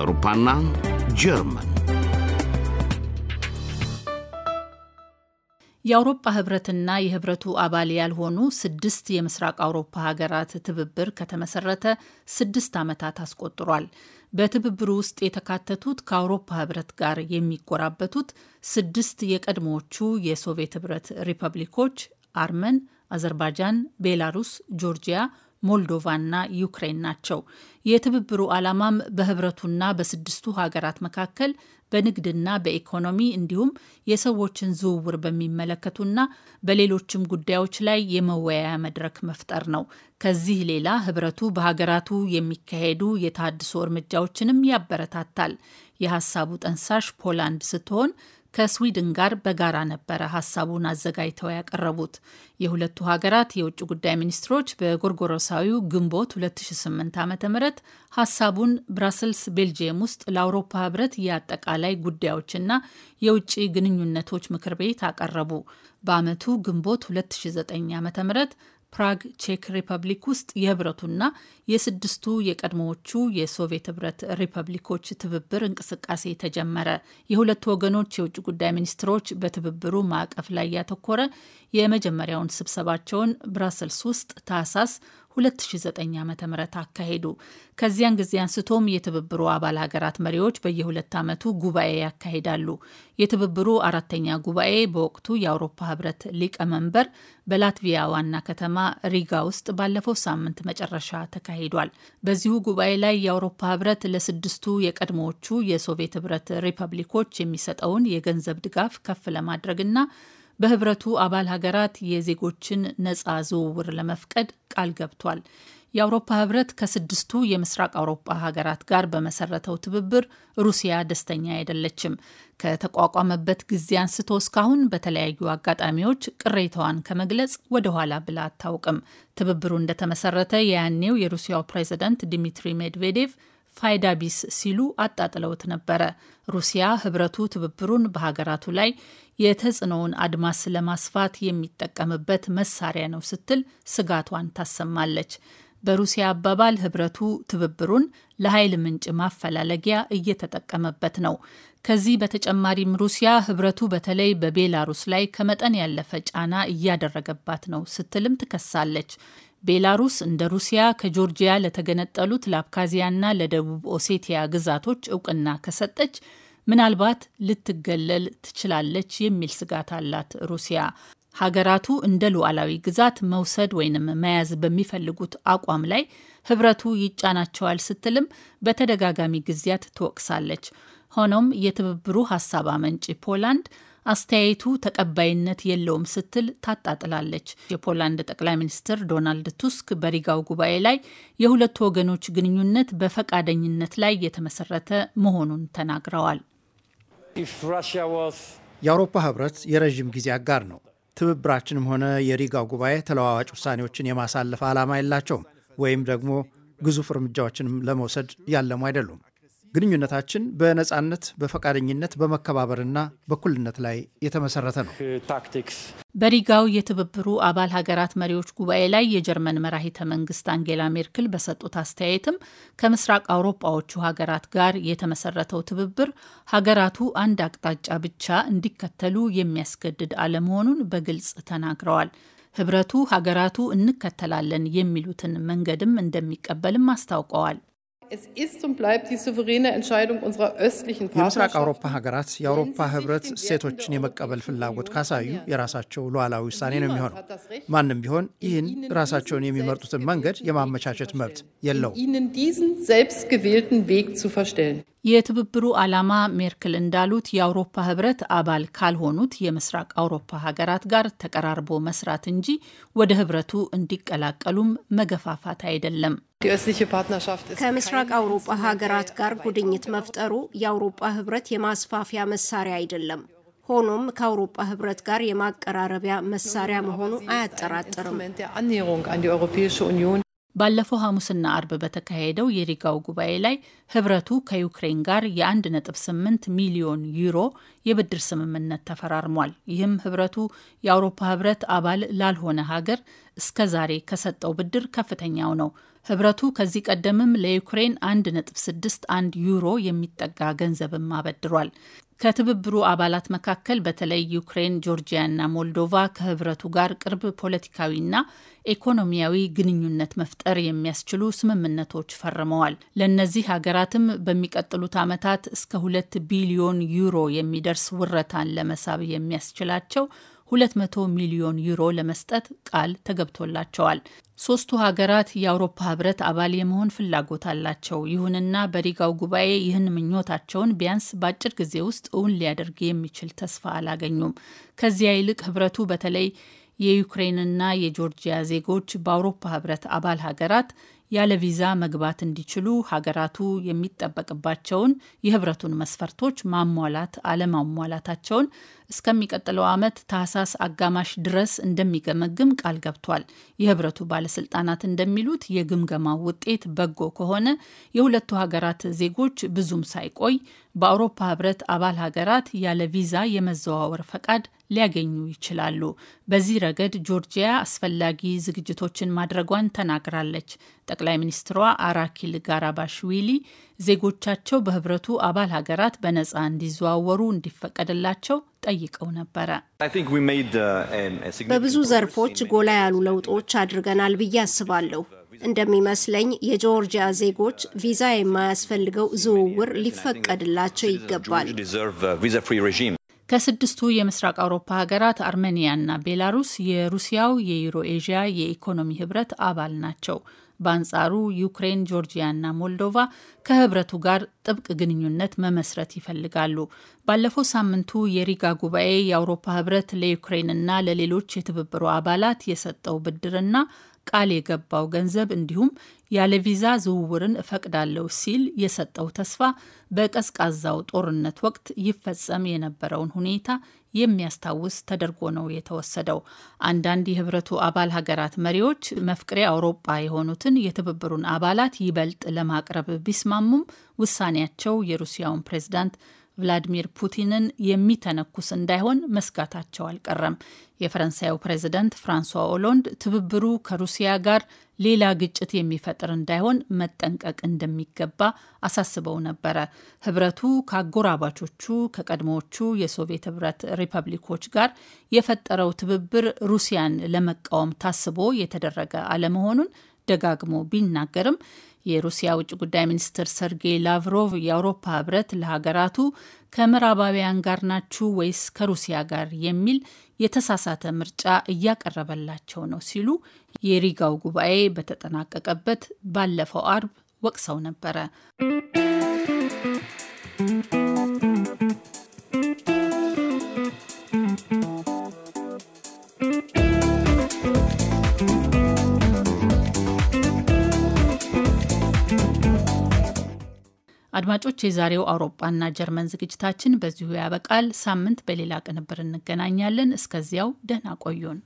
አውሮፓና ጀርመን የአውሮፓ ህብረትና የህብረቱ አባል ያልሆኑ ስድስት የምስራቅ አውሮፓ ሀገራት ትብብር ከተመሰረተ ስድስት ዓመታት አስቆጥሯል። በትብብሩ ውስጥ የተካተቱት ከአውሮፓ ህብረት ጋር የሚጎራበቱት ስድስት የቀድሞዎቹ የሶቪየት ህብረት ሪፐብሊኮች አርመን፣ አዘርባይጃን፣ ቤላሩስ፣ ጆርጂያ ሞልዶቫና ዩክሬን ናቸው። የትብብሩ ዓላማም በህብረቱና በስድስቱ ሀገራት መካከል በንግድና በኢኮኖሚ እንዲሁም የሰዎችን ዝውውር በሚመለከቱና በሌሎችም ጉዳዮች ላይ የመወያያ መድረክ መፍጠር ነው። ከዚህ ሌላ ህብረቱ በሀገራቱ የሚካሄዱ የታድሶ እርምጃዎችንም ያበረታታል። የሀሳቡ ጠንሳሽ ፖላንድ ስትሆን ከስዊድን ጋር በጋራ ነበረ ሀሳቡን አዘጋጅተው ያቀረቡት። የሁለቱ ሀገራት የውጭ ጉዳይ ሚኒስትሮች በጎርጎሮሳዊው ግንቦት 2008 ዓ ም ሀሳቡን ብራስልስ ቤልጅየም ውስጥ ለአውሮፓ ህብረት የአጠቃላይ ጉዳዮችና የውጭ ግንኙነቶች ምክር ቤት አቀረቡ። በአመቱ ግንቦት 2009 ዓ ም ፕራግ ቼክ ሪፐብሊክ ውስጥ የህብረቱና የስድስቱ የቀድሞዎቹ የሶቪየት ህብረት ሪፐብሊኮች ትብብር እንቅስቃሴ ተጀመረ። የሁለቱ ወገኖች የውጭ ጉዳይ ሚኒስትሮች በትብብሩ ማዕቀፍ ላይ ያተኮረ የመጀመሪያውን ስብሰባቸውን ብራሰልስ ውስጥ ታህሳስ 2009 ዓ ም አካሄዱ። ከዚያን ጊዜ አንስቶም የትብብሩ አባል ሀገራት መሪዎች በየሁለት ዓመቱ ጉባኤ ያካሂዳሉ። የትብብሩ አራተኛ ጉባኤ በወቅቱ የአውሮፓ ህብረት ሊቀመንበር በላትቪያ ዋና ከተማ ሪጋ ውስጥ ባለፈው ሳምንት መጨረሻ ተካሂዷል። በዚሁ ጉባኤ ላይ የአውሮፓ ህብረት ለስድስቱ የቀድሞዎቹ የሶቪየት ህብረት ሪፐብሊኮች የሚሰጠውን የገንዘብ ድጋፍ ከፍ ለማድረግና በህብረቱ አባል ሀገራት የዜጎችን ነጻ ዝውውር ለመፍቀድ ቃል ገብቷል። የአውሮፓ ህብረት ከስድስቱ የምስራቅ አውሮፓ ሀገራት ጋር በመሰረተው ትብብር ሩሲያ ደስተኛ አይደለችም። ከተቋቋመበት ጊዜ አንስቶ እስካሁን በተለያዩ አጋጣሚዎች ቅሬታዋን ከመግለጽ ወደኋላ ብላ አታውቅም። ትብብሩ እንደተመሰረተ የያኔው የሩሲያው ፕሬዝዳንት ዲሚትሪ ሜድቬዴቭ ፋይዳ ቢስ ሲሉ አጣጥለውት ነበረ። ሩሲያ ህብረቱ ትብብሩን በሀገራቱ ላይ የተጽዕኖውን አድማስ ለማስፋት የሚጠቀምበት መሳሪያ ነው ስትል ስጋቷን ታሰማለች። በሩሲያ አባባል ህብረቱ ትብብሩን ለኃይል ምንጭ ማፈላለጊያ እየተጠቀመበት ነው። ከዚህ በተጨማሪም ሩሲያ ህብረቱ በተለይ በቤላሩስ ላይ ከመጠን ያለፈ ጫና እያደረገባት ነው ስትልም ትከሳለች። ቤላሩስ እንደ ሩሲያ ከጆርጂያ ለተገነጠሉት ለአብካዚያና ለደቡብ ኦሴቲያ ግዛቶች እውቅና ከሰጠች ምናልባት ልትገለል ትችላለች የሚል ስጋት አላት ሩሲያ። ሀገራቱ እንደ ሉዓላዊ ግዛት መውሰድ ወይንም መያዝ በሚፈልጉት አቋም ላይ ህብረቱ ይጫናቸዋል ስትልም በተደጋጋሚ ጊዜያት ትወቅሳለች። ሆኖም የትብብሩ ሀሳብ አመንጪ ፖላንድ አስተያየቱ ተቀባይነት የለውም ስትል ታጣጥላለች። የፖላንድ ጠቅላይ ሚኒስትር ዶናልድ ቱስክ በሪጋው ጉባኤ ላይ የሁለቱ ወገኖች ግንኙነት በፈቃደኝነት ላይ የተመሰረተ መሆኑን ተናግረዋል። የአውሮፓ ህብረት የረዥም ጊዜ አጋር ነው። ትብብራችንም ሆነ የሪጋው ጉባኤ ተለዋዋጭ ውሳኔዎችን የማሳለፍ ዓላማ የላቸውም ወይም ደግሞ ግዙፍ እርምጃዎችንም ለመውሰድ ያለሙ አይደሉም። ግንኙነታችን በነፃነት፣ በፈቃደኝነት፣ በመከባበርና በኩልነት ላይ የተመሰረተ ነው። በሪጋው የትብብሩ አባል ሀገራት መሪዎች ጉባኤ ላይ የጀርመን መራሂተ መንግስት አንጌላ ሜርክል በሰጡት አስተያየትም ከምስራቅ አውሮፓዎቹ ሀገራት ጋር የተመሰረተው ትብብር ሀገራቱ አንድ አቅጣጫ ብቻ እንዲከተሉ የሚያስገድድ አለመሆኑን በግልጽ ተናግረዋል። ህብረቱ ሀገራቱ እንከተላለን የሚሉትን መንገድም እንደሚቀበልም አስታውቀዋል። የምስራቅ አውሮፓ ሀገራት የአውሮፓ ህብረት ሴቶችን የመቀበል ፍላጎት ካሳዩ የራሳቸው ሉዓላዊ ውሳኔ ነው የሚሆነው። ማንም ቢሆን ይህን ራሳቸውን የሚመርጡትን መንገድ የማመቻቸት መብት የለው። የትብብሩ ዓላማ ሜርክል እንዳሉት የአውሮፓ ህብረት አባል ካልሆኑት የምስራቅ አውሮፓ ሀገራት ጋር ተቀራርቦ መስራት እንጂ ወደ ህብረቱ እንዲቀላቀሉም መገፋፋት አይደለም። ከምስራቅ አውሮጳ ሀገራት ጋር ጉድኝት መፍጠሩ የአውሮጳ ህብረት የማስፋፊያ መሳሪያ አይደለም። ሆኖም ከአውሮጳ ህብረት ጋር የማቀራረቢያ መሳሪያ መሆኑ አያጠራጥርም። ባለፈው ሐሙስና አርብ በተካሄደው የሪጋው ጉባኤ ላይ ህብረቱ ከዩክሬን ጋር የ1.8 ሚሊዮን ዩሮ የብድር ስምምነት ተፈራርሟል። ይህም ህብረቱ የአውሮፓ ህብረት አባል ላልሆነ ሀገር እስከዛሬ ከሰጠው ብድር ከፍተኛው ነው። ህብረቱ ከዚህ ቀደምም ለዩክሬን 1 ዩሮ የሚጠጋ ገንዘብም አበድሯል። ከትብብሩ አባላት መካከል በተለይ ዩክሬን፣ ጆርጂያና ሞልዶቫ ከህብረቱ ጋር ቅርብ ፖለቲካዊና ኢኮኖሚያዊ ግንኙነት መፍጠር የሚያስችሉ ስምምነቶች ፈርመዋል። ለእነዚህ ሀገራትም በሚቀጥሉት ዓመታት እስከ ሁለት ቢሊዮን ዩሮ የሚደርስ ውረታን ለመሳብ የሚያስችላቸው 200 ሚሊዮን ዩሮ ለመስጠት ቃል ተገብቶላቸዋል። ሶስቱ ሀገራት የአውሮፓ ህብረት አባል የመሆን ፍላጎት አላቸው። ይሁንና በሪጋው ጉባኤ ይህን ምኞታቸውን ቢያንስ በአጭር ጊዜ ውስጥ እውን ሊያደርግ የሚችል ተስፋ አላገኙም። ከዚያ ይልቅ ህብረቱ በተለይ የዩክሬንና የጆርጂያ ዜጎች በአውሮፓ ህብረት አባል ሀገራት ያለ ቪዛ መግባት እንዲችሉ ሀገራቱ የሚጠበቅባቸውን የህብረቱን መስፈርቶች ማሟላት አለማሟላታቸውን እስከሚቀጥለው ዓመት ታህሳስ አጋማሽ ድረስ እንደሚገመግም ቃል ገብቷል። የህብረቱ ባለስልጣናት እንደሚሉት የግምገማው ውጤት በጎ ከሆነ የሁለቱ ሀገራት ዜጎች ብዙም ሳይቆይ በአውሮፓ ህብረት አባል ሀገራት ያለ ቪዛ የመዘዋወር ፈቃድ ሊያገኙ ይችላሉ። በዚህ ረገድ ጆርጂያ አስፈላጊ ዝግጅቶችን ማድረጓን ተናግራለች። ጠቅላይ ሚኒስትሯ አራኪል ጋራባሽዊሊ ዜጎቻቸው በህብረቱ አባል ሀገራት በነፃ እንዲዘዋወሩ እንዲፈቀድላቸው ጠይቀው ነበረ። በብዙ ዘርፎች ጎላ ያሉ ለውጦች አድርገናል ብዬ አስባለሁ። እንደሚመስለኝ የጆርጂያ ዜጎች ቪዛ የማያስፈልገው ዝውውር ሊፈቀድላቸው ይገባል። ከስድስቱ የምስራቅ አውሮፓ ሀገራት አርሜኒያና ቤላሩስ የሩሲያው የዩሮ ኤዥያ የኢኮኖሚ ህብረት አባል ናቸው። በአንጻሩ ዩክሬን፣ ጆርጂያና ሞልዶቫ ከህብረቱ ጋር ጥብቅ ግንኙነት መመስረት ይፈልጋሉ። ባለፈው ሳምንቱ የሪጋ ጉባኤ የአውሮፓ ህብረት ለዩክሬንና ለሌሎች የትብብሩ አባላት የሰጠው ብድርና ቃል የገባው ገንዘብ እንዲሁም ያለ ቪዛ ዝውውርን እፈቅዳለሁ ሲል የሰጠው ተስፋ በቀዝቃዛው ጦርነት ወቅት ይፈጸም የነበረውን ሁኔታ የሚያስታውስ ተደርጎ ነው የተወሰደው። አንዳንድ የህብረቱ አባል ሀገራት መሪዎች መፍቅሬ አውሮጳ የሆኑትን የትብብሩን አባላት ይበልጥ ለማቅረብ ቢስማሙም ውሳኔያቸው የሩሲያውን ፕሬዝዳንት ቭላዲሚር ፑቲንን የሚተነኩስ እንዳይሆን መስጋታቸው አልቀረም። የፈረንሳዩ ፕሬዝደንት ፍራንሷ ኦሎንድ ትብብሩ ከሩሲያ ጋር ሌላ ግጭት የሚፈጥር እንዳይሆን መጠንቀቅ እንደሚገባ አሳስበው ነበረ። ህብረቱ ከአጎራባቾቹ ከቀድሞዎቹ የሶቪየት ህብረት ሪፐብሊኮች ጋር የፈጠረው ትብብር ሩሲያን ለመቃወም ታስቦ የተደረገ አለመሆኑን ደጋግሞ ቢናገርም የሩሲያ ውጭ ጉዳይ ሚኒስትር ሰርጌይ ላቭሮቭ የአውሮፓ ህብረት ለሀገራቱ ከምዕራባውያን ጋር ናችሁ ወይስ ከሩሲያ ጋር የሚል የተሳሳተ ምርጫ እያቀረበላቸው ነው ሲሉ የሪጋው ጉባኤ በተጠናቀቀበት ባለፈው አርብ ወቅሰው ነበረ። አድማጮች፣ የዛሬው አውሮፓና ጀርመን ዝግጅታችን በዚሁ ያበቃል። ሳምንት በሌላ ቅንብር እንገናኛለን። እስከዚያው ደህና ቆዩን።